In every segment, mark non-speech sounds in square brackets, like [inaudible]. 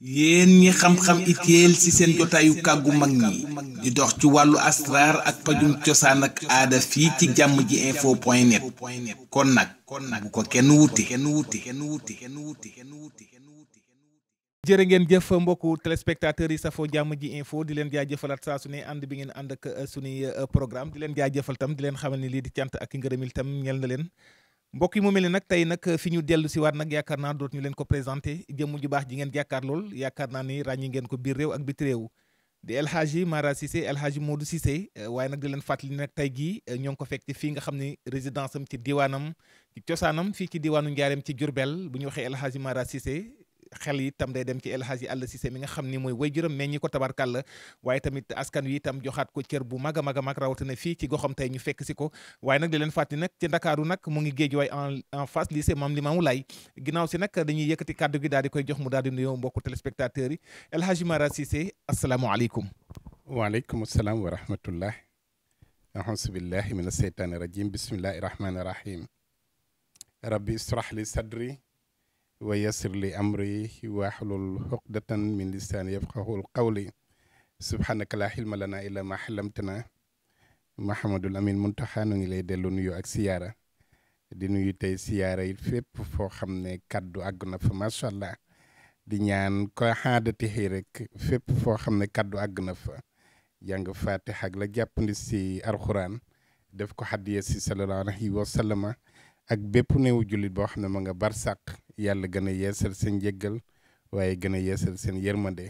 yéen ñi xam-xam itéel ci seen jotaayu kàggu mag ñi di dox ci wàllu astraar ak pajum cosaan ak aada fii ci jàmm ji info point net kon nag bu ko kenn wuti jërë ngeen jëf mbokku téléspectateurs yi safoo jàmm ji info di leen jaajëfalaat saa su ànd bi ngeen ànd ak suñuy euh, programme di leen jaajëfal tam di leen xamal ni lii di cant ak ngërëmil tam ñel na leen mbokk yi mu mel ni nag tey nag fi ñu dellu si waat nag yaakaar na doot ñu leen ko présenté jëmm ju baax ji ngeen jàkkaar lool yaakaar naa ni ràññi ngeen ko biir réew ak biti réew di El Hadji Mara Cissé El Hadji Modou Cissé eh, waaye nag di leen fàttali nag tey gii eh, ñoo ngi ko fekk ci fii nga xam ni résidence am ci diwaanam ci cosaanam fii ci diwaanu Njaareem ci Jurbel bu ñu waxee El Hadji Mara Cissé xel yi tam day dem ci El Hadji Alla Cissé mi nga xam ni mooy waajuram meññi ko tabarkàlla waaye tamit askan wi itam joxaat ko cër bu mag a mag a mag rawatina fii ci goxam tey ñu fekk si ko waaye nag di leen fàttali nag ci ndakaaru nag mu ngi géej waay en en face lycée Mame Limamou Laye ginnaaw si nag dañuy yëkkati kàddu gi daal di koy jox mu daal di nuyoo mbokku téléspectateurs yi El Hadji Mara Cissé asalaamaaleykum waaleykum asalaam wa rahmatullah ahousubillahi min asheytaani rajim bismillahi rahmaani rahim rabbi israh li wa yassir li amri wahlul uqdatan min lisaani yafqahul qawli subhanaka laa xilma lana illa ma xalamtana mahamadul amin muntaxa nu ngi lay dellu nuyu ak siyaara di nuyu tey siyaara yi fépp xam ne kaddu àgg nafa fa macha allah di ñaan ko xaadati xëy rek fépp foo xam ne kaddu àgg na fa jàng faatixa la jàppandi si alxuraan def ko xaddiya si sallallahu ak bépp néewu jullit boo xam ne ma nga barsàq yàlla gën a yeesal seen jéggal waaye gën a yeesal seen yërmande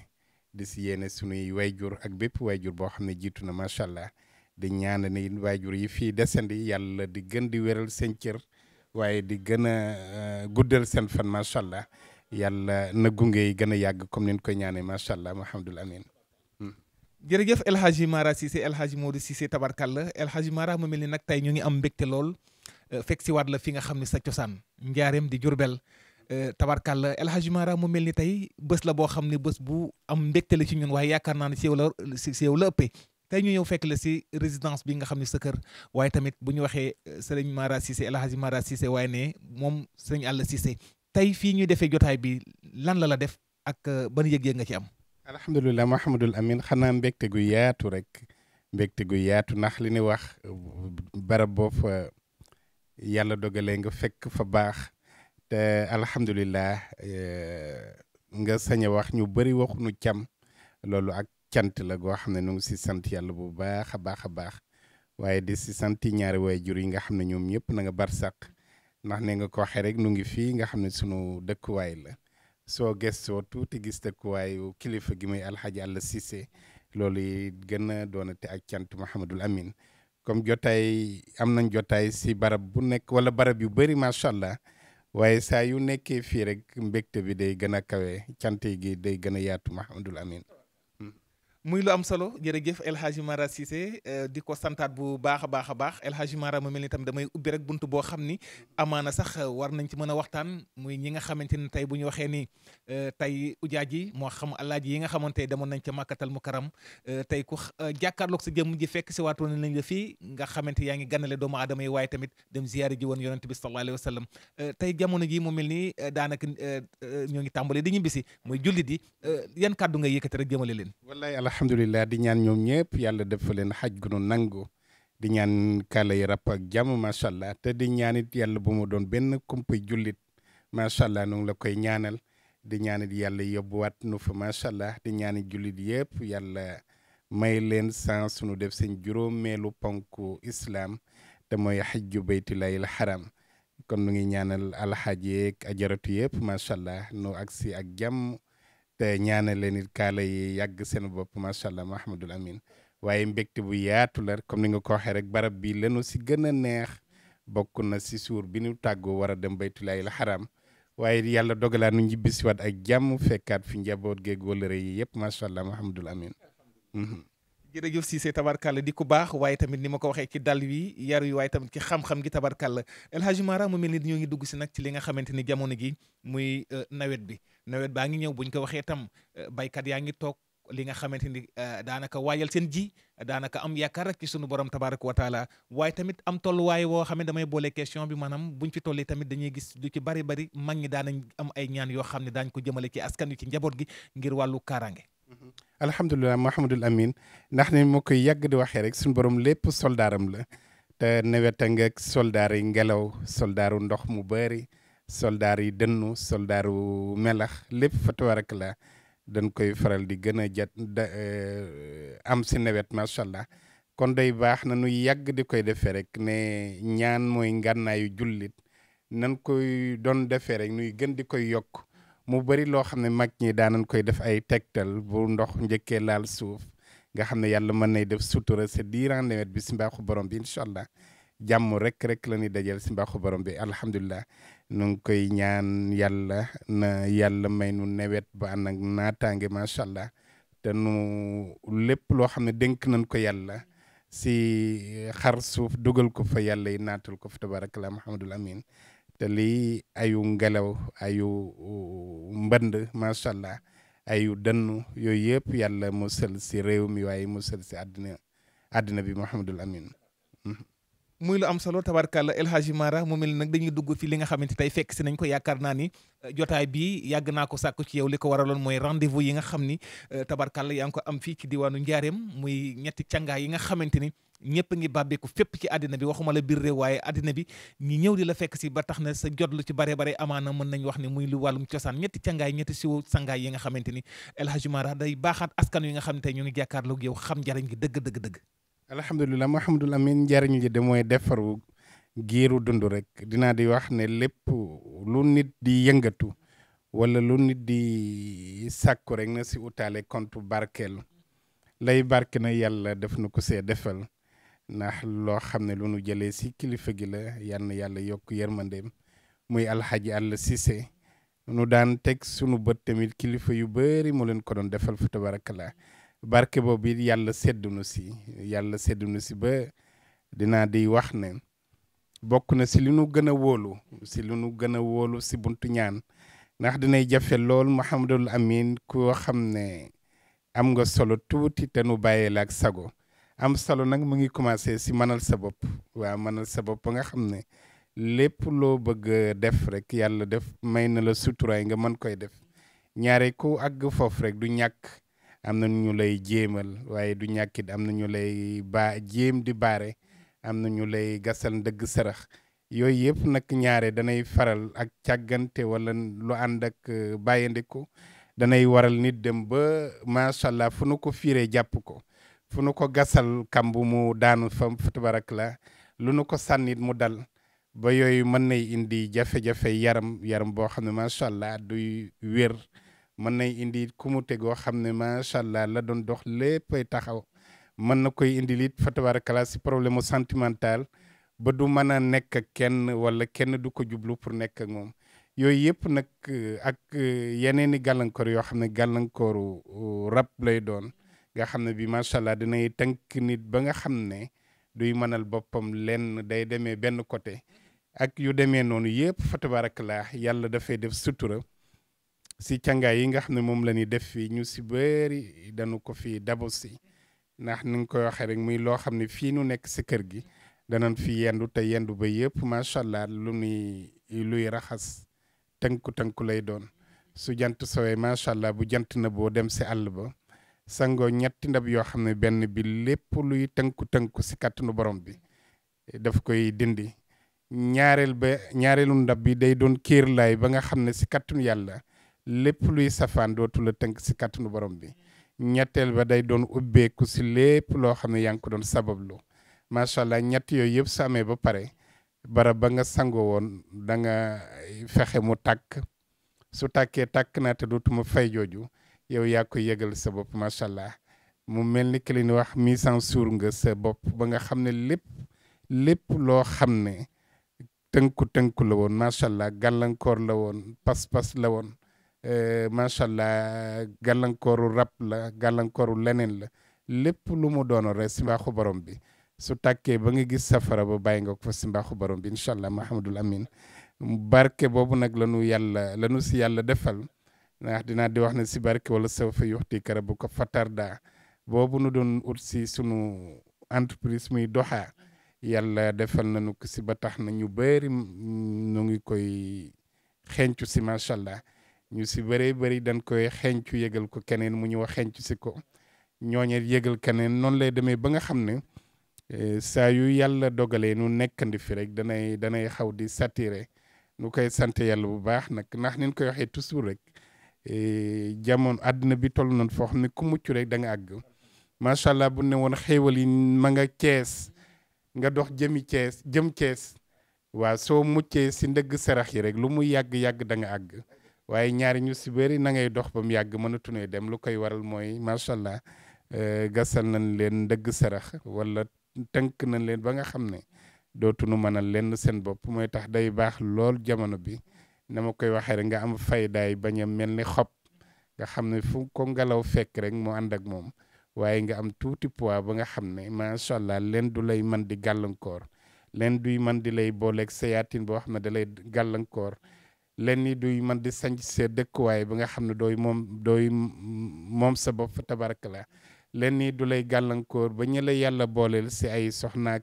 di si yéene sunuy wayjur ak bépp waajur boo xam ne jiitu na macha allah di ñaan ne wayjur yi fii desandi yàlla di gën di wéral seen cër waaye di gën a euh, guddal seen fan macha allah yàlla na gunge yi gën a yàgg comme ni koy ñaanee macha allah Muhammadul Amin. Hmm. jërëjëf El Hadj Mara Cissé El Hadj Modou Cissé tabarkalla El Hadj Mara mu mel ni nag tey ñu ngi am mbégte lool. Euh, fekk si waat la fi nga xam ne sa cosaan njaareem di jurbel euh, tabarkàlla El Hadj Mara mu mel ni tey bés la boo xam ne bés bu am mbégte la ci ñun waaye yaakaar naa ne si yow la si yow la ëppee tey ñu ñëw fekk la si résidence bi nga xam ne sa kër waaye tamit bu ñu waxee euh, sëriñ Mara Cissé El Hadj Mara Cissé waaye ne moom sëriñ Alla Cissé tey fii ñuy defee jotaay bi lan la la def ak ban yëg-yëg nga ci am. alhamdulilah Mahamadul Amin xanaa mbégte gu yaatu rek mbégte gu yaatu ndax li ni wax barab yàlla dogalee nga fekk fa baax te alhamdulilah eh, nga sañ a wax ñu bëri waxuñu cam loolu ak cant la goo xam ne ñu ngi si sant yàlla bu baax a baax a baax waaye di si sant ñaari waajur yi nga xam ne ñoom ñëpp na nga bar sàq ndax ne nga ko waxee rek nu ngi fii nga xam ne sunu dëkkuwaay la soo gëstoo tuuti gis dëkkuwaayu kilifa gi may alxaaji Alla Cissé loolu yi gën a doonate ak cant Mouhamadul Amin comme jotaay am nañ jotaay si barab bu nekk wala barab yu bëri macha allah waaye saa yu nekkee fii rek mbégte bi day gën a kawe cant gi day gën a yaatu Mahamadul Amin muy lu am solo jërëjëf El Hadj Mara Cissé eh, di ko santaat bu baax a baax a baax El Hadj Mara mu mel ni tam damay ubbi rek bunt boo xam ni amaana sax war nañ ci mën a waxtaan muy ñi nga xamante ni tey bu ñu waxee ni eh, tey ujaaj yi moo xam alaaji yi nga xamante demoon nañ ca màkkatal mu karam eh, tey ku jàkkaarloog sa jëmm ji fekk si waatoon nañ la fii nga xamante yaa ngi ganale doomu aadama yi waaye tamit dem ziyaare ji woon yonent bi sallallahu alayhi wa sallam tey jamono ji mu mel ni daanaka ñoo ngi tàmbale di si muy jullit yi yan kàddu nga yëkkati rek jëmale leen alhamdulilah di ñaan ñoom ñëpp yàlla def leen xaj gu nu nangu di ñaan kàlla yi ak jàmm macha allah te di ñaan it yàlla bu mu doon benn kumpa jullit macha allah nu la koy ñaanal di ñaan it yàlla yóbbuwaat nu fa macha allah di ñaan it jullit yëpp yàlla may leen sans sunu def seen juróomeelu ponku islam te mooy xajju baytilayil xaram kon nu ngi ñaanal alxaaji yeeg ajaratu yëpp macha allah nu agsi ak jàmm. te ñaanal leen it kaala yi yàgg seen bopp macha allah Mahamadul Amin waaye mbégte bu yaatu la comme ni nga ko waxee rek barab bi lanu si gën a neex bokk na si suur bi nu tàggoo war a dem baytulaayil xaram waaye yàlla dogalaa nu ñibbisiwaat ak jàmm fekkaat fi njaboot geeg wëllëre yi yëpp macha allah Mahamadul Amin. Mhm. jërëjëf Cissé tabarkàlla di ku baax waaye tamit ni ma ko waxee ci dal wi yar wi waaye tamit ci xam gi tabarkàlla El Hadj Mara mu mel ni ñoo ngi dugg si nag ci li nga xamante ni jamono gi muy euh, nawet bi. nawet baa ngi ñëw buñ ko waxee tam eh, baykat yaa ngi toog li nga xamante ni eh, daanaka waajal seen ji daanaka am yaakaar rek ci sunu borom tabaraka wa taala waaye tamit am tolluwaay woo xam ne damay boole question bi maanaam buñ fi tolli tamit dañuy gis du ci bari bari mag ñi daanañ am ay ñaan yoo xam ne daañ ko jëmale ci askan wi ci njaboot gi ngir wàllu kaaraange mm-hmm. alhamdulilah mahamadul amin ndax ne moo koy yàgg di waxee rek suñu borom lépp soldaaram la te nawet a nga soldaaru ngelaw soldaaru ndox mu bari soldaar yi dënnu soldaaru melax lépp fa tabarak la dañ koy faral di gën a jat eh, am si nawet macha allah kon day baax na nu yàgg di koy defee rek ne ñaan mooy ngànnaayu jullit nan koy doon defee rek nuy gën di koy yokk mu bari loo xam ne mag ñi daanan koy def ay tegtal bu ndox njëkkee laal suuf nga xam ne yàlla mën nay def sutura sa diiran nawet bi si mbaaxu borom bi incha allah jàmm rek rek la ñuy dajal si mbaaxu borom bi alhamdulilah. nu koy ñaan yàlla na yàlla may nu nawet ba ànd ak naataange macha allah te nu lépp loo xam ne dénk nañ ko yàlla si xar suuf dogal ko fa yàlla yi naatal ko fa tabarakallah mahamadul amin te lii ayu ngelaw ayu mbënd macha allah ayu dënnu yooyu yëpp yàlla musal si réew mi waaye musal si àddina àddina bi mahamadul amin mhm. muy lu am solo tabarkàlla El Hadji Mara mu mel nag dañuy dugg fi li nga xamante tey fekk si nañ ko yaakaar naa ni eh, jotaay bi yàgg naa ko sàkku ci yow li ko waraloon mooy rendez-vous yi nga xam ni eh, tabarkàlla yaa ngi ko am fii ci diwaanu Njaareem muy ñetti càngaay yi nga xamante ni ñëpp ngi bàbbeeku fépp ci àddina bi waxuma la biir réew waaye àddina bi ñi ñëw di la fekk si ba tax na sa jot lu ci bare bare na mën nañ wax ne muy lu wàllum cosaan ñetti càngaay ñetti siwo sangaay yi nga xamante ni El Mara day baaxaat askan yi nga xam ne ngi jàkkaarloog yow xam njariñ gi dëgg dëgg dëgg alhamdulilah Mouhamadul Amine njariñ li de mooy defaru giiru dundu rek dinaa di wax ne lépp lu nit di yëngatu walla lu nit di sàkku rek na si utaale compte barkel lay barke na yàlla def na ko see defal ndax loo xam ne lu nu jëlee si kilifa gi la yal na yàlla yokk yërmandeem muy alxaji àll Cissé nu daan teg sunu bët tamit kilifa yu bari mu leen ko doon defal fa tabarakallah barke boobu it yàlla seddunu si yàlla seddunu si ba dinaa di wax ne bokk na si lu nu gën a wóolu si lu nu gën a wóolu si buntu ñaan ndax dinay jafe lool Mouhamadul Amin koo xam ne am nga solo tuuti te nu bàyyee la ak sago am solo nag mu ngi commencé si manal sa bopp waaw mënal sa bopp ba nga xam ne lépp loo bëgg def rek yàlla def may na la suturaay nga mën koy def ñaare ku àgg foofu rek du ñàkk am na ñu lay jéemal waaye du ñàkkit am na ñu lay baa jéem di baare am na ñu lay gasal ndëgg sërëx yooyu yëpp nag ñaare danay faral ak càggante wala lu ànd ak euh, bàyyandiku danay waral nit dem ba macha allah fu nu ko fiire jàpp ko fu nu ko gasal kamb mu daanu fa tabarak la lu nu ko sànnit mu dal ba yooyu mën nay indi jafe-jafe yaram yaram boo xam ne macha allah du wér mën nañ indi ku mu xam ne macha allah la doon dox ay taxaw mën na koy indi it fa tabaarakala si problème sentimental ba du mën a nekk kenn wala kenn du ko jublu pour nekk moom yooyu yëpp nag eh, ak eh, yeneen i gàllankoor yoo xam ne gàllankooru eh, rab lay doon nga xam ne bi macha allah dinay tënk nit ba nga xam ne duy mënal boppam lenn day demee benn côté ak yu demee noonu yëpp fa tabaarakala yàlla dafay def sutura. si càngaay yi nga xam ne moom la def fii ñu si bëri dañu ko fi dabo si ndax ni nga koy waxee rek muy loo xam ne fii nu nekk si kër gi danañ fi yendu te yendu ba yëpp macha allah lu nuy luy raxas tënku tënku lay doon su jant sowee macha allah bu jant na boo dem si àll ba sangoo ñetti ndab yoo xam ne benn bi lépp luy tënku tënku si kàttanu borom bi daf koy dindi ñaareel ba ñaareelu ndab bi day doon kiir laay ba nga xam ne si kàttanu yàlla. lépp luy safaan dootu la tënk si kàttanu borom bi ñetteel ba day doon ubbeeku si lépp loo xam ne yaa ngi ko doon sabablu macha allah ñett yooyu yëpp su amee ba pare barab ba nga sangoo woon da nga fexe mu takk su takkee tàkk naa te dootuma fay jooju yow yaa ko yëgal sa bopp macha allah mu mel ni ki li wax mise en suur nga sa bopp ba nga xam ne lépp lépp loo xam ne tënku tënku la woon macha allah gàllankoor la woon pas-pas la woon. Eh, macha allah gàllankooru rab la gàllankooru leneen la lépp lu mu doon si mbaaxu borom bi su tàkkee ba nga gis safara ba bàyyi nga ko si mbaaxu borom bi incha allah mahamadul amin barke boobu nag la nu yàlla la nu si yàlla defal ndax dinaa di wax ne si barke wala saw fa yoxti kara bu ko fatarda boobu nu doon ut si sunu entreprise muy doxaa yàlla defal nañu ko si ba na ñu bëri mm, ngi koy xencu si macha allah ñu si bëree bëri dañ koy xencu yëgal ko keneen mu ñu wax xencu si ko ñooñe yëgal keneen noonu lay demee ba nga xam ne eh, saa yu yàlla dogalee nu nekkandi fi rek danay danay xaw di satire nu koy sant yàlla bu baax nag ndax ni koy waxee toujours rek eh, jamono àddina bi toll nañ foo xam ne ku mucc rek da nga àgg macha allah bu ne woon xéewal yi ma nga cees nga dox jëmi cees jëm cees waa soo muccee si ndëgg sarax yi rek lu mu yàgg-yàgg da nga àgg waaye ñaari ñu si bëri na ngay dox ba mu yàgg mënatunee dem lu koy waral mooy macha allah euh, gasal nañ leen dëgg sarax walla tënk nañ leen ba nga xam ne dootunu mënal lenn seen bopp mooy tax day baax lool jamono bi na ma koy waxee rek nga am faydaay bañ a mel ni xob nga xam ne fu ko ngelaw fekk rek moo ànd ak moom waaye nga am tuuti pois ba nga xam ne macha allah leen du lay man di gàllankoor leen duy man di lay booleeg sayaatin boo wax ne da lay gàllankoor lenn ni duy man di sanc sa dëkkuwaay ba nga xam ne dooy moom dooy moom sa bopp tabaraka la lenn ni du lay gàllankoor ba ñu la yàlla booleel si ay soxnaak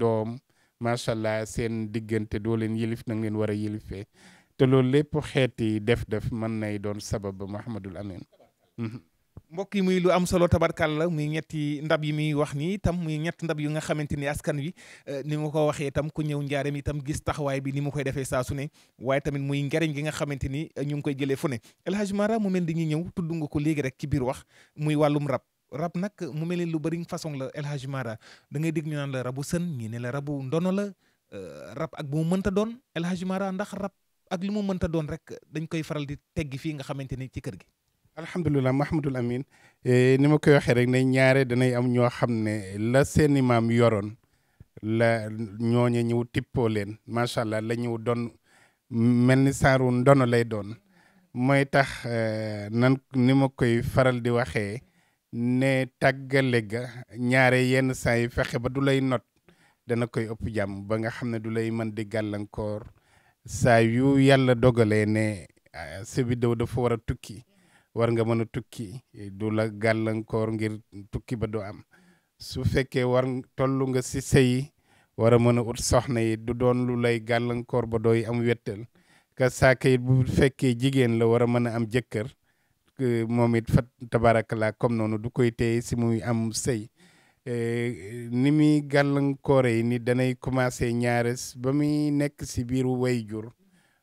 doom macha allah seen diggante doo leen yilif na ngeen war a yilifee te loolu lépp xeeti def-def man nay doon sabab ba Muhammadul Amin mhm. mbokk yi muy lu am solo la muy ñetti ndab yi muy wax nii tam muy ñett ndab yu nga xamante ni askan wi eh, ni ma ko waxee tam ko ñëw njaareem itam gis taxawaay bi ni mu koy defee saa su ne waaye tamit muy njariñ gi nga xamante ni eh, ñu ngi koy jëlee fu ne El Hadj Mara mu mel ni ñëw tudd nga ko léegi ci biir wax muy wàllum rab rab nag mu mel ni lu bëri façon la El Mara da ngay dégg ñu naan la rabu sën ñii ne la rabu ndono la eh, rab ak bu mu mënta doon El Mara ndax rab ak li mu mënta doon rek dañ koy faral di teggi fii nga xamante ni ci kër gi alhamdulilah Mahamadul Amin eh, ni ma koy waxee rek ne ñaare danay am ñoo xam ne la seeni maam yoroon la ñooñu ñëw tippoo leen macha allah la ñëw doon mel ni saaru ndono lay doon mooy tax eh, nan ni ma koy faral di waxee ne tàggale ga ñaare yenn saa yi fexe ba du lay not dana koy ëpp jàmm ba nga xam ne du lay mën di gàllankoor saa yu yàlla dogalee ne ah, sa vidéo dafa war a tukki war nga mën a tukki du la gàllankoor ngir tukki ba du am su fekkee war tollu nga si sëy war a mën a ut soxna yi du doon lu lay gàllankoor ba dooy am wettal ka saaka bu fekkee jigéen la war a mën a am jëkkër moom it fa tabaraka la comme noonu du koy téye si muy am sëy eh, ni muy gàllankoore yi ni danay commencé ñaare ba muy nekk si biiru wayjur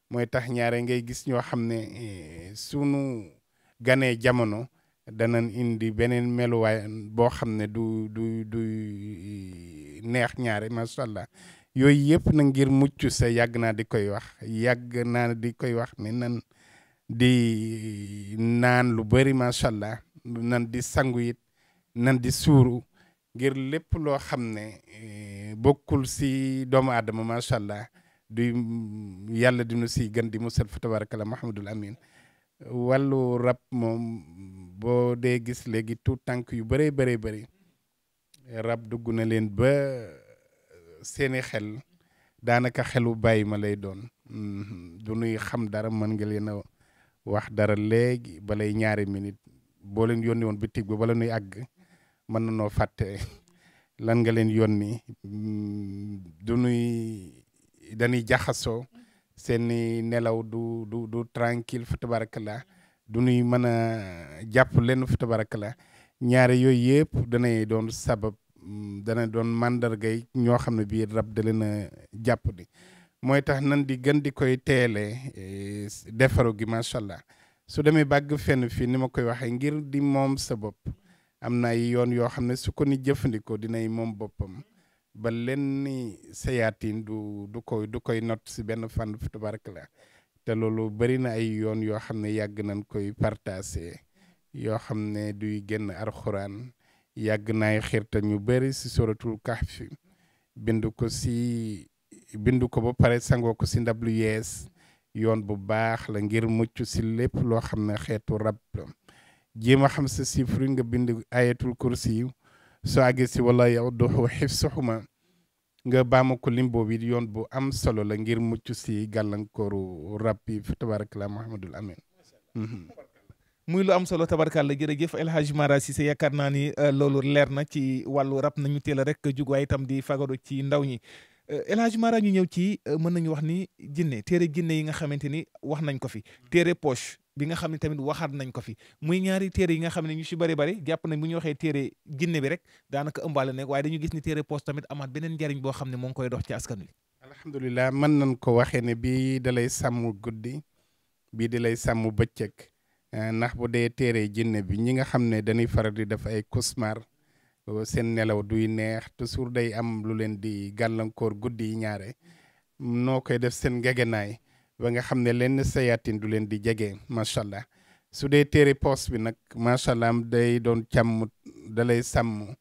mooy tax ñaare ngay gis ñoo xam ne eh, sunu gane jamono danañ indi beneen meluwaay boo xam ne du du du euh, neex ñaare macha allah yooyu yëpp na ngir mucc sa yàgg naa di koy wax yàgg naa di koy wax ne nan di euh, naan lu bëri macha allah nan di sangu it nan di suuru ngir lépp loo xam ne euh, bokkul si doomu aadama macha allah du mm, yàlla dinu si gën di musal fa tabarakala mahamadul amin wàllu rab moom boo dee gis léegi tout tànk yu bëree bëree bëri rab dugg na leen ba euh, seeni xel daanaka xelu bàyyi ma lay doon mm-hmm. du nuy xam dara mën nga leen a wax dara léegi balay ñaari minit boo leen yónni woon bitig ba bala nuy àgg mën na noo fàtte [laughs] lan nga leen yónni mm-hmm. du nuy dañuy jaxasoo seeni nelaw du du du tranquille fa tabarakallah du ñuy mën a jàpp leen fa tabarakallah ñaare yooyu yëpp danay doon sabab mm, dana doon màndargay ñoo xam ne bii rab da leen jàpp di mooy tax nan di gën di koy teelee eh, defaru gi macha allah su demee bàgg fenn fii ni ma koy waxee ngir di moom sa bopp am na ay yoon yoo xam ne su ko ni jëfandikoo dinay moom boppam ba lenn sayaatin du du koy du koy not si benn fànn fi tabaraka la te loolu bëri na ay yoon yoo xam ne yàgg nañ koy partagé yoo xam ne duy génn alxuraan yàgg naay xirta ñu bari si suratul kahfi bind ko si bind ko ba pare sangoo ko si ndab lu yees yoon bu baax la ngir mucc si lépp loo xam ne xeetu rab la jéem a xam sa chiffre nga bind ayatul kursi so àggee si wala yow doxu xif nga baamu ko lim boobu yoon bu am solo la ngir mucc si gàllankooru rab yi fi tabaarakala Muhammadul mhm. muy lu am solo tabarkàlla jërëjëf El Hadj Mara yaakaar naa ni euh, loolu leer na ci wàllu rab nañu teel rek jugo waaye itam di fagado ci ndaw ñi euh, El Hadj Mara ñu ñëw ci euh, mën nañu wax ni jinne téere jinne yi nga xamante ni wax nañ ko fi téere poche. bi nga xam ne tamit waxaat nañ ko fi muy ñaari teere yi nga xam ne ñu si bëri bëri jàpp nañ bu ñu waxee téere jinne bi rek daanaka ëmbaale nekk waaye dañu gis ni téere post tamit amaat beneen njariñ boo xam ne moo koy dox ci askan wi. alhamdulilah mën nañ ko waxee ne bii dalay sàmm guddi bii di lay sàmm bëccëg eh, ndax bu dee téere jinne bi ñi nga xam ne dañuy faral di def ay cauchemar seen nelaw duy neex toujours day am lu leen di gàllankoor guddi yi ñaare noo koy def seen ngegenaay ba nga xam ne lenn sayaatin du leen di jege macha allah su dee téere poos bi nag macha allah day doon càmm da lay sàmm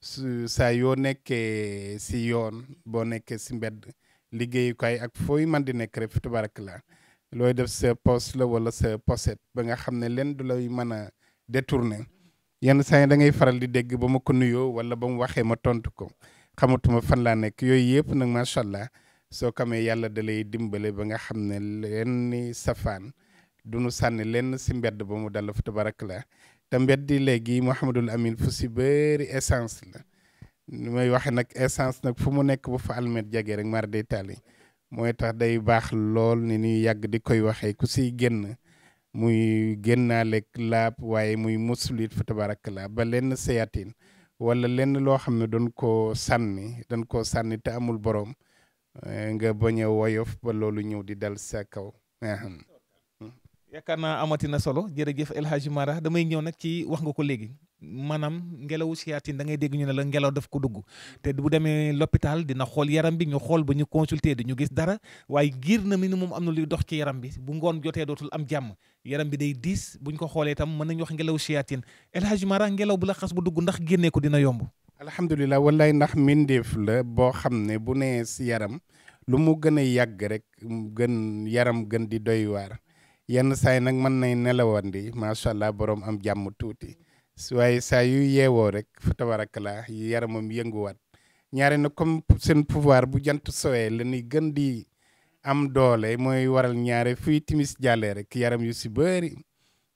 su saa yoo nekkee si yoon boo nekkee si mbedd liggéeyukaay ak fooy man di nekk rek fi tabarakallah looy def sa poos la wala sa poset ba nga xam ne leen du lay mën a détourner yenn saa yi da ngay faral di dégg ba ma ko nuyoo wala ba mu waxee ma tontu ko xamatuma fan laa nekk yooyu yëpp nag macha allah soo ko amee yàlla da lay dimbale ba nga xam ne lenn safaan du sànni lenn si mbedd ba mu dal fa tabarak la te mbedd léegi Mouhamadul Amin fu si bëri essence la nu may waxe nag essence nag fu mu nekk bu fa almet jagee rek mar tali taali mooy tax day baax lool ni ni yàgg di koy waxee ku si génn muy génnaaleeg laab waaye muy musulit fa tabarak la ba lenn seyatin wala lenn loo xam ne doon koo sànni dañ koo sànni te amul borom. Eh, nga bañ a woyof ba loolu ñëw di dal sa kaw. yaakaar na amati na solo jërëjëf El Hadj Mara damay ñëw nag ci wax nga ko léegi. maanaam ngelawu siyaatin da ngay dégg ñu ne la ngelaw daf ko dugg te bu demee l'hôpital dina xool yaram bi ñu xool ba ñu consulter di ñu gis dara waaye giir na mi ni moom am na luy dox ci yaram bi bu ngoon jotee dootul am jàmm yaram bi day diis buñ ko xoolee itam mën nañu wax ngelaw siyaatin El Mara ngelaw bu la xas bu dugg ndax génnee ko dina yomb. alhamdulilah wallaay ndax mbindeef la boo xam ne bu nee si yaram lu mu gën a yàgg rek gën yaram gën di doy waar yenn saa nag mën nay nelawandi macha allah borom am jàmm tuuti waaye saa yu yeewoo rek fa tabarakallah yaramam yënguwaat ñaare na comme seen pouvoir bu jant sowee la ñuy gën di am doole mooy waral ñaare fuy timis jàllee rek yaram yu si bëri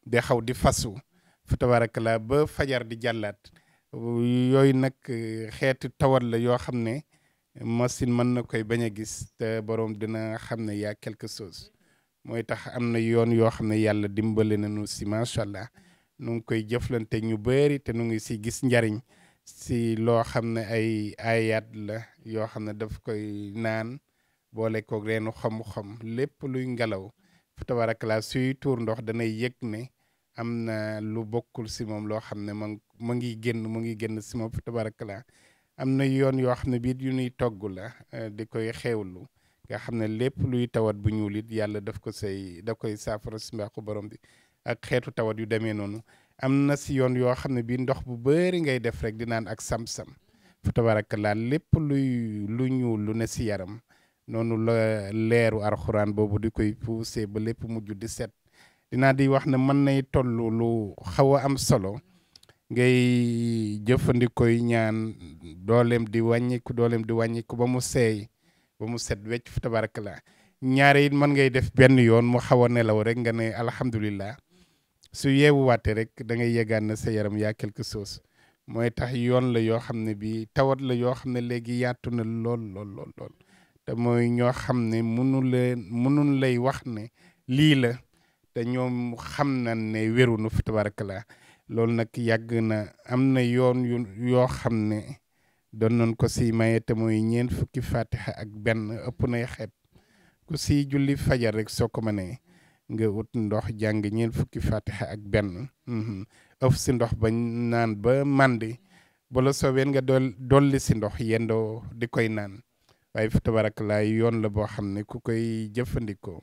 de xaw di fasu fa tabarakallah ba fajar di jàllaat yooyu nag eh, xeeti tawat la yoo xam ne machine mën na koy bañ a gis te borom dana xam ne yaa quelque chose mooy tax am na yoon yoo xam ne yàlla dimbale nañu si macha allah nu ngi koy jëflante ñu bëri te nu ngi si gis njariñ si loo xam ne ay ayaat la yoo xam ne daf koy naan boole ko reenu xam-xam lépp luy ngelaw fa tabarakala suy tuur ndox danay yëg ne am na lu bokkul si moom loo xam ne ma mu ngi génn mu ngi génn si ma tabarakallah am na yoon yoo xam ne biit yu nuy togg la eh, di koy xeewlu nga xam ne lépp luy tawat bu ñuul it yàlla def ko say da koy saafara si mbaaxu borom bi ak xeetu tawat yu demee noonu am na si yoon yoo xam ne bii ndox bu bëri ngay def rek di naan ak sam-sam fa tabarakallah lépp luy lu ñuul lu ne si yaram noonu la leeru arxuraan boobu di koy poussé ba lépp mujj di set dinaa di wax ne mën nay toll lu xaw a am solo ngay jëfandikoy ñaan doolem di wàññiku doolem di wàññiku ba mu seey ba mu set wecc fu tabarakallah ñaare it mën ngay def benn yoon mu xaw a nelaw rek nga ne alhamdulilah su yeewuwaatee rek dangay ngay na sa yaram yaa quelque chose mooy tax yoon la yoo xam ne bii tawat la yoo xam ne léegi yaatu na lool lool lool mooy ñoo xam ne munu leen lay wax ne lii la te ñoom xam na ne wéru nu fi loolu nag yàgg na am na yoon yoo xam ne doon nañ ko si maye te mooy ñeent fukki fatiha ak benn ëpp nay xeet ku si julli fajar rek soo ko mënee nga ut ndox jàng ñeent fukki fatiha ak benn mhm. ëf si ndox ba naan ba màndi bu la soobee nga dolli si ndox yendoo di koy naan waaye fi lay yoon la boo xam ne ku koy jëfandikoo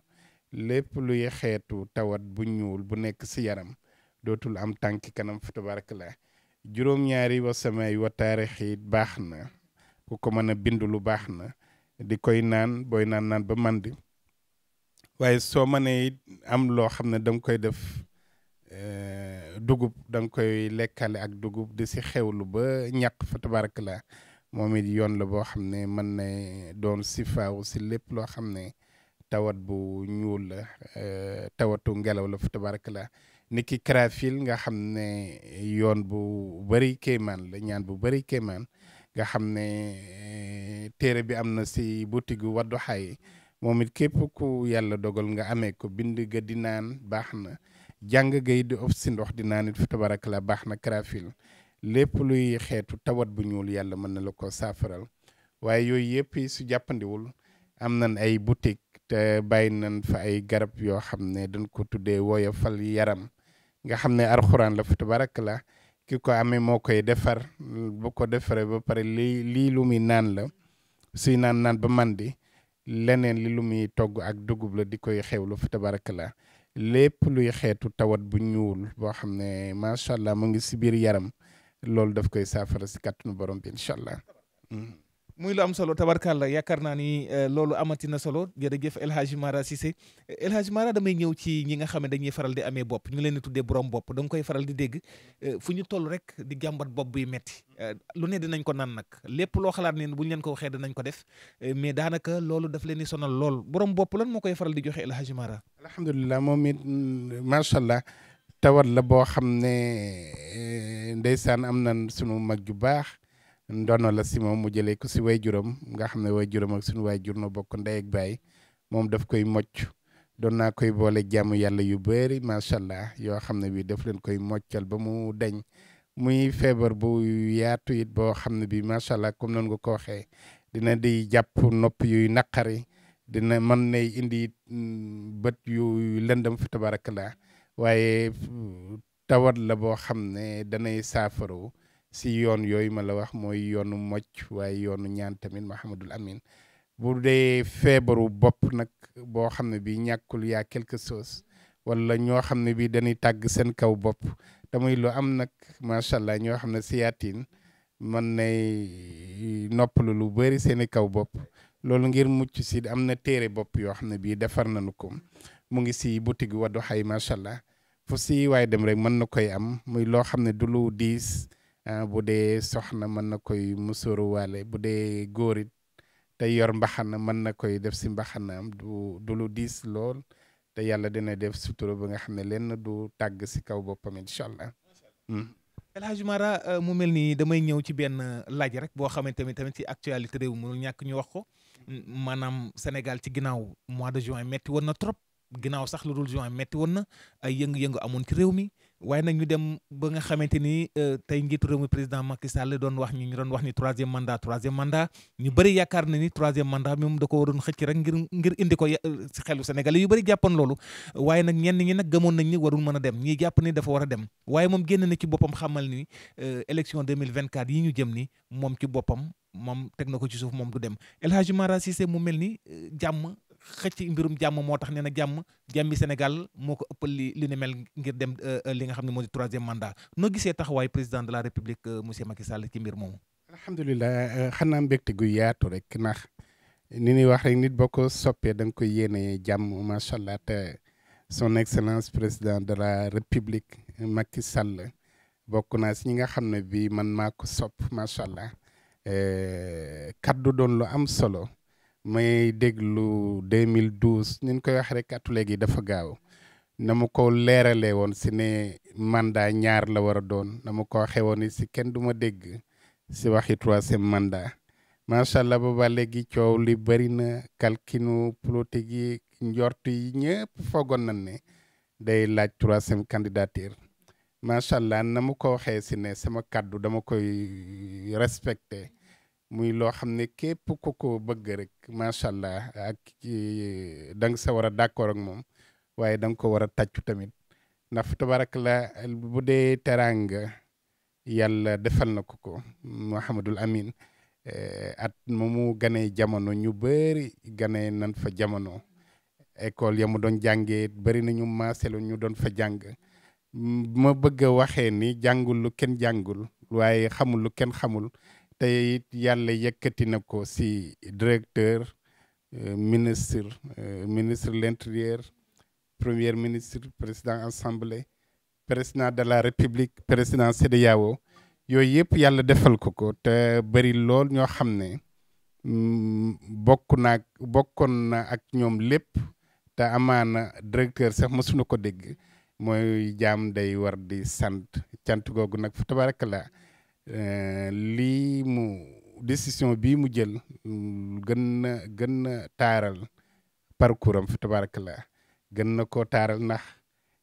lépp luy xeetu tawat bu ñuul bu nekk si yaram dootul am tànk kanam foto tabarakallah juróom-ñaari wa samay wa taarix yi baax na ku ko mën a bind lu baax na di koy naan booy naan naan ba man di waaye soo mënee am loo xam ne danga koy def eh, dugub danga koy lekkale ak dugub di si xew lu ba ñàq fa tabarakallah moom it yoon la boo xam ne mën na doon si faaw si lépp loo xam ne tawat bu ñuul la eh, tawatu ngelaw la fa tabarakallah niki Crafil nga xam ne yoon bu bëri kéemaan la ñaan bu bëri kéemaan nga xam ne eh, téere bi am na si boutique Wadduha yi moom it képp ku yàlla dogal nga amee ko bind ga dinaan naan baax na jàng gay di of si ndox di naan it fi tabarak la baax na Crafil lépp luy xeetu tawat bu ñuul yàlla mën na la ko saafaral waaye yooyu yëpp su jàppandiwul am nañ ay boutique te bàyyi nañ fa ay garab yoo xam ne dañ ko tuddee woyofal yaram nga xam ne arxuraan la fa tabarakallah ki ko amee moo koy defar bu ko defaree ba pare lii lii lu muy naan la si naan naan ba di leneen li lu muy togg ak dugub la di koy xewlu fa tabarakallah lépp luy xeetu tawat bu ñuul boo xam ne macha allah mu ngi si biir yaram loolu daf koy saafara si kàttanu borom bi incha allah. Hmm. muy lu am solo tawar tabarkàlla yaakaar naa ni eh, loolu amati na solo jërëjëf El Hadj Mara Cissé eh, El Hadj Mara damay ñëw ci ñi nga xam ne dañuy faral di amee bopp ñu ngi leen di tuddee borom bopp da koy faral di dégg eh, fu ñu toll rek di jàmbat bopp buy metti lu ne dinañ ko naan nag lépp loo xalaat ne bu ñu leen ko waxee dinañ ko def mais daanaka loolu daf leen di sonal lool borom bopp lan moo koy faral di joxe El Mara. alhamdulilah moom it mm, macha allah tawat la boo xam ne ndeysaan am na sunu mag ju baax. ndono la si moom mu jëlee ko si way juram nga xam ne way juram ak suñu way no bokk ndey baay moom daf koy mocc doon naa koy boole jàmm yàlla yu bëri macha allah yoo xam ne bii def leen koy moccal ba mu deñ muy feebar bu yaatu it boo xam ne bii macha allah comme noonu nga ko waxee dina di jàpp nopp yuy naqari dina man nay indi mm, bët yu lëndëm fi tabarak la waaye mm, tawat la boo xam ne danay saafaro si yoon yooyu ma la wax mooy yoonu mocc waaye yoonu ñaan tamit Mahamadul Amin bu dee feebaru bopp nag boo xam ne bi ñàkkul yaa quelque chose wala ñoo xam ne bi dañuy tàgg seen kaw bopp te muy lu am nag macha allah ñoo xam ne siyaatin mën nay e, noppalu lu bëri seeni kaw bopp loolu ngir mucc si am na téere bopp yoo xam ne bii defar nañu ko mu ngi si waddu xay macha allah fu si waaye dem rek mën na koy am muy loo xam ne du lu diis Ah, bu dee soxna mën na koy musóoru waale bu dee góor it te yor mbaxana mën na koy def si mbaxanaam du du lu diis lool te yàlla dina def sutura ba nga xam ne lenn du tàgg si kaw boppam incha allah. Hmm. El Hadj euh, mu mel nii damay ñëw ci benn euh, laaj rek boo xamante ni tamit ci actualité réew mu ñàkk ñu wax ko maanaam Sénégal ci ginnaaw mois de juin metti woon na trop ginnaaw sax lu dul juin metti woon na ay yëngu-yëngu amoon ci réew mi. waaye nag ñu dem ba nga xamante ni euh, tey njiitu réew mi président Macky Sall doon wax ñu ñu doon wax ni troisième mandat troisième mandat ñu hmm. bëri yaakaar na ni troisième mandat moom da ko waroon xëcc rek ngir ngir indi ko euh, si xelu Sénégalais yu bëri jàppoon loolu waaye nag ñenn ñi nag gëmoon nañ ni warul mën a dem ñi jàpp ni dafa war a dem waaye moom génn na ci boppam xamal ni euh, élection 2024 yi ñu jëm ni moom ci boppam mom teg na ko ci suuf moom du dem El Hadji Mara Cissé mu mel ni jàmm xëcc mbirum jàmm moo tax nee na jàmm jàmmi Sénégal moo ko ëppal li li ne mel ngir dem euh, euh, li nga xam ne moo di troisième mandat noo gisee taxawaay président de la république euh, monsieur Macky Sall ci mbir moomu. alhamdulilah xanaa mbégte gu yaatu rek ndax ni ñuy wax rek nit boo ko soppee da nga koy yéene jàmm macha allah te son excellence président de la république Macky Sall bokk naa si ñi nga xam ne bii man maa ko sopp macha allah kaddu doon lu am solo. may déglu 2012 ni ñu koy wax rek atu léegi dafa gaaw na mu ko leerale woon si ne mandat ñaar la war a doon na mu ko waxee woon si kenn duma dégg si waxi troisième mandat macha allah ba léegi coow li bëri na kalkinu politique yi njort yi ñëpp foogoon nañ ne day laaj troisième candidature macha allah na mu ko waxee si ne sama kaddu dama koy respecté muy loo xam ne képp ku ko bëgg rek macha allah ak da nga sa war a d'accord ak moom waaye da nga ko war a tàccu tamit ndax tabarak la bu dee teraanga yàlla defal na ko ko Mouhamadul Amin eh, at mu ganee jamono ñu bëri ganee nan fa jamono école ya mu doon jàngee bëri na ñu maaselu ñu doon fa jàng ma bëgg a waxee ni jàngul lu kenn jàngul waaye xamul lu kenn xamul te yàlla yëkkati na ko si directeur euh, ministre euh, ministre l' intérieur premier ministre président assemblée président de la république président CEDEAO yooyu yëpp yàlla defal ko ko te bëri lool ñoo xam ne mm, bokk na ak ñoom lépp te amaana directeur sax mësuñu ko dégg mooy jaam day war di sant cant googu nag fu tabaraka Euh, lii mu décision bii mu jël gën gën taaral parcours am fi tabarakallah gën na ko taaral ndax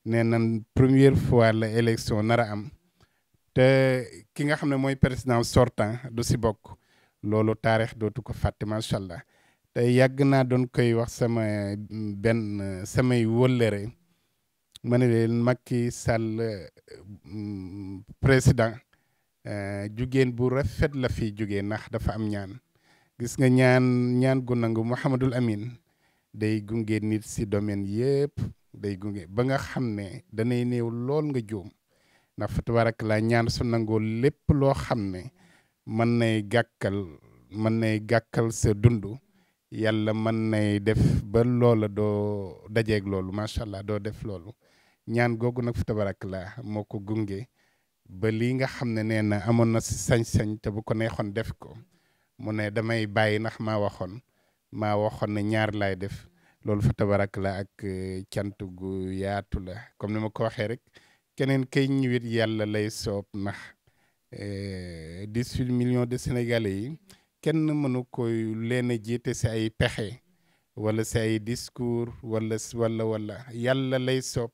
ne nan première fois la élection nar am te ki nga xam ne mooy président sortant du si bokk loolu taarix dootu ko fàtte macha allah te yàgg naa doon koy wax sama benn samay wóllëre ma ne leen Macky Sall mm, président Eh, jugéen bu rafet la fi jóge ndax dafa am ñaan gis nga ñaan ñaan gu nangu Mouhamadul Amin day gunge nit si domaine yëpp day gunge ba nga xam ne danay néew lool nga jóom ndax fa tabarak la ñaan su nangoo lépp loo xam ne mën nay gàkkal mën nay gàkkal sa dund yàlla mën nay def ba loola doo dajeeg loolu macha allah doo def loolu ñaan googu nag fa tabarak moo ko gunge ba lii nga xam ne nee na amoon na si sañ-sañ te bu ko neexoon def ko mu ne damay bàyyi nax maa waxoon maa waxoon ne ñaar lay def loolu fa tabarak la ak e, cant gu yaatu la comme ni ma ko waxee rek keneen kay ñëwit yàlla lay soob nax e, dix-huit million de sénégalais yi kenn mënu koy leen a jiite si ay pexe wala si ay discours wala wala wala lay soob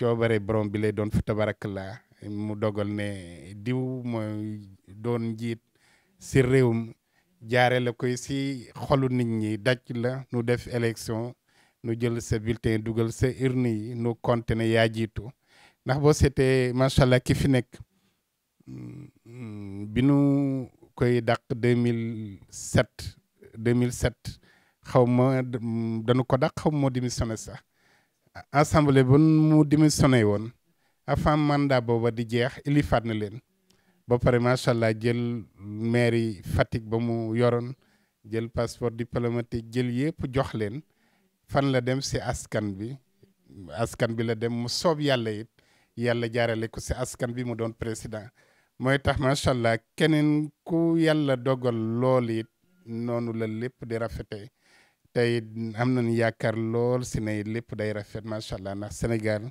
coobare borom bi lay doon fa tabarak la mu dogal ne diw mooy doon njiit si réew mi jaare la koy si xolu nit ñi daj la nu def élection nu jël sa bulletin dugal sa urni yi nu compté ne yaa jiitu ndax boo seetee macha allah ki fi nekk mm, bi nu koy dàq mille 2007 xaw ma dañu ko dàq xaw ma moo démissionné sax assemblée bu mu démissionné woon. avant mandat booba di jeex ilifaat na leen ba pare macha allah jël maire yi Fatick ba mu yoroon jël passeport diplomatique jël yëpp jox leen fan la dem si askan bi askan bi la dem mu soob yàlla it yàlla jaarale ko si askan bi mu doon président mooy tax macha allah keneen ku yàlla dogal lool it noonu la lépp di rafete tey am nañu yaakaar lool si ne lépp day rafet macha allah ndax Sénégal.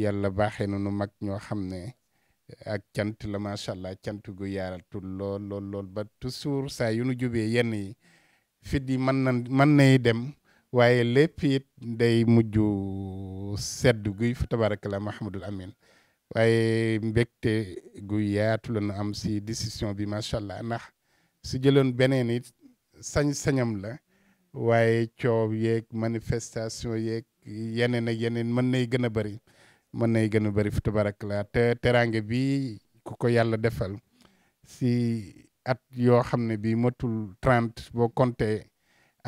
yàlla baaxe na mag ñoo xam ne ak cant la macha allah cant gu yaaratu lool lool lool ba toujours saa yu nu jubee yenn yi fit yi mën na mën nay dem waaye lépp it day mujj sedd guy fa tabaarakala Mahamadul Amin waaye mbégte gu yaatu la nu am si décision bi macha allah ndax si jëloon beneen it sañ-sañam la waaye coow yeeg manifestation yeeg yeneen ak yeneen mën nay gën a bari man na gën a bëri fi tabarakallah te teraange bi ku ko yàlla defal si at yoo xam ne bi matul trente boo compté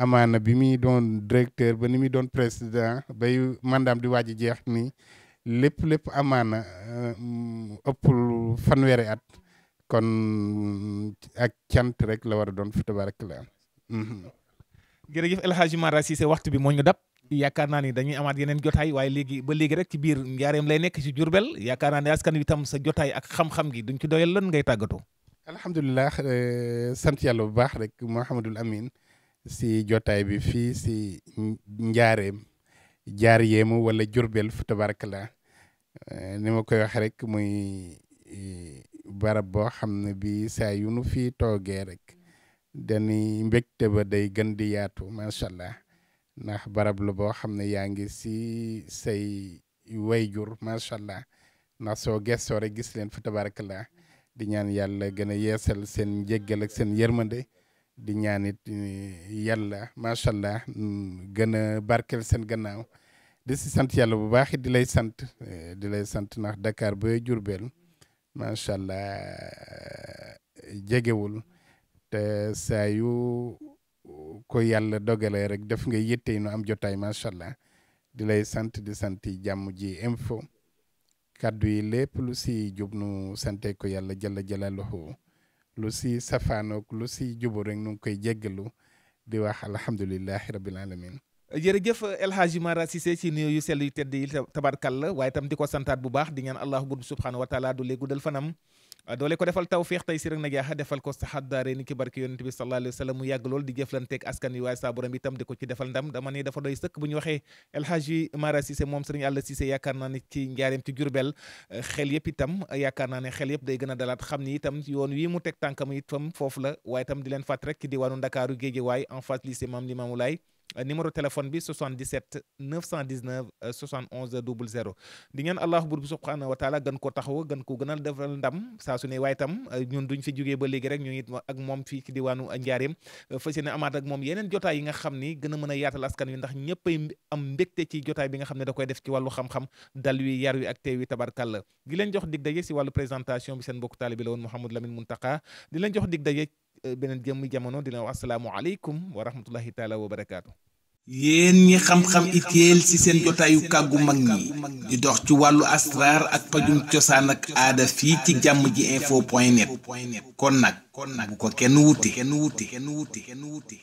amaana bi muy doon directeur ba ni muy doon président bay mandaam di waaj jeex ni lépp lépp amaana euh, ëppul fanweeri at kon ak cant rek la war a doon fi tabarakallah mhm. jërëjëf El Hadj Mara Cissé waxtu bi moo ñu dab yaakaar naa ni dañuy amaat yeneen jotaay waaye léegi ba léegi rek ci biir njaareem lay nekk si Jurbel yaakaar naa ne askan wi tam sa jotaay ak xam-xam gi duñ ci doyal lan ngay tàggatoo. alhamdulilah euh, sant yàlla bu baax rek Mouhamadul Amin si jotaay bi fii si njaareem jaar yeemu wala Jurbel fu tabarakallah euh, ni ma koy waxee rek muy e, barab boo xam ne bi saa yu nu fii toogee rek dañuy mbégte ba day gën di yaatu macha allah. ndax barab la boo xam ne yaa ngi si way wayjur macha allah ndax soo gestoo rek gis leen fa tabarakallah di ñaan yàlla gën a yeesal seen njéggal ak seen yërmande di ñaanit eh, yàlla macha allah mm, gën a barkel seen gannaaw di si sant yàlla bu baax di lay sant eh, di lay sant ndax Dakar ba Jurbel macha allah eh, jegewul te saa ko yàlla dogalee rek def nga yitte nu am jotaay macha allah di lay sant di sant jàmm ji info kàddu yi lépp lu si jub nu sante ko yàlla jalla jalaaluhu lu si safaanook lu si jubu rek nu ngi koy jéggalu di wax alhamdulilahi rabbil alamin jërëjëf El Hadji Mara Cissé ci nuyu yu sell yu tedd yi tabarkal la waaye tam di ko santaat bu baax di ñaan allahu buur subhanahu wa taala du léegi fanam doole ko defal tawféex tey si rek na jaaxa defal ko saxaat daare ni ki barke yonent bi sallallahu mu yàgg lool di jëflanteeg askan wi waaye saa borom bi itam di ko ci defal ndam dama ne dafa doy sëkk bu ñu waxee El Hadji Mara Cissé moom Serigne Alla Cissé yaakaar naa ne ci njaareem ci Jurbel eh, xel yëpp itam yaakaar naa ne xel yëpp day gën a dalaat xam ni itam yoon wi mu teg tànkam itam foofu la waaye tam di leen fàtt rek ci diwaanu Ndakaaru Géejawaay en face lycée Mame Limamou Euh, numéro téléphone bi 77 919 71 00 di ngeen allahu bur bi subhanahu wa taala gën ko taxaw gën ko gënal defal ndam saa su ne waaye tam euh, ñun duñ fi jógee ba léegi rek ñu ngi ak moom fii ci diwaanu Njaareem euh, fas yéene amaat ak moom yeneen jotaay yi nga xam ni gën a yaatal askan wi ndax ñëppay am mbégte ci jotaay bi nga xam ne da koy def ci wàllu xam-xam dal wi yar wi ak teew wi tabarkàlla di leen jox dig daje si wàllu présentation bi seen mbokk taalibi la woon Mouhamadou Lamine Muntaka di leen jox dig Euh, beneen jëmmi jamono dina wax asalaamualeykum wa rahmatullahi taala wa yéen ñi xam-xam ci seen jotaayu kàggu mag ñi di dox ci wàllu asraar ak pajum cosaan ak aada fii ci jàmm ji info point net kon nag bu ko kenn wuti kenn wuti kenn wuti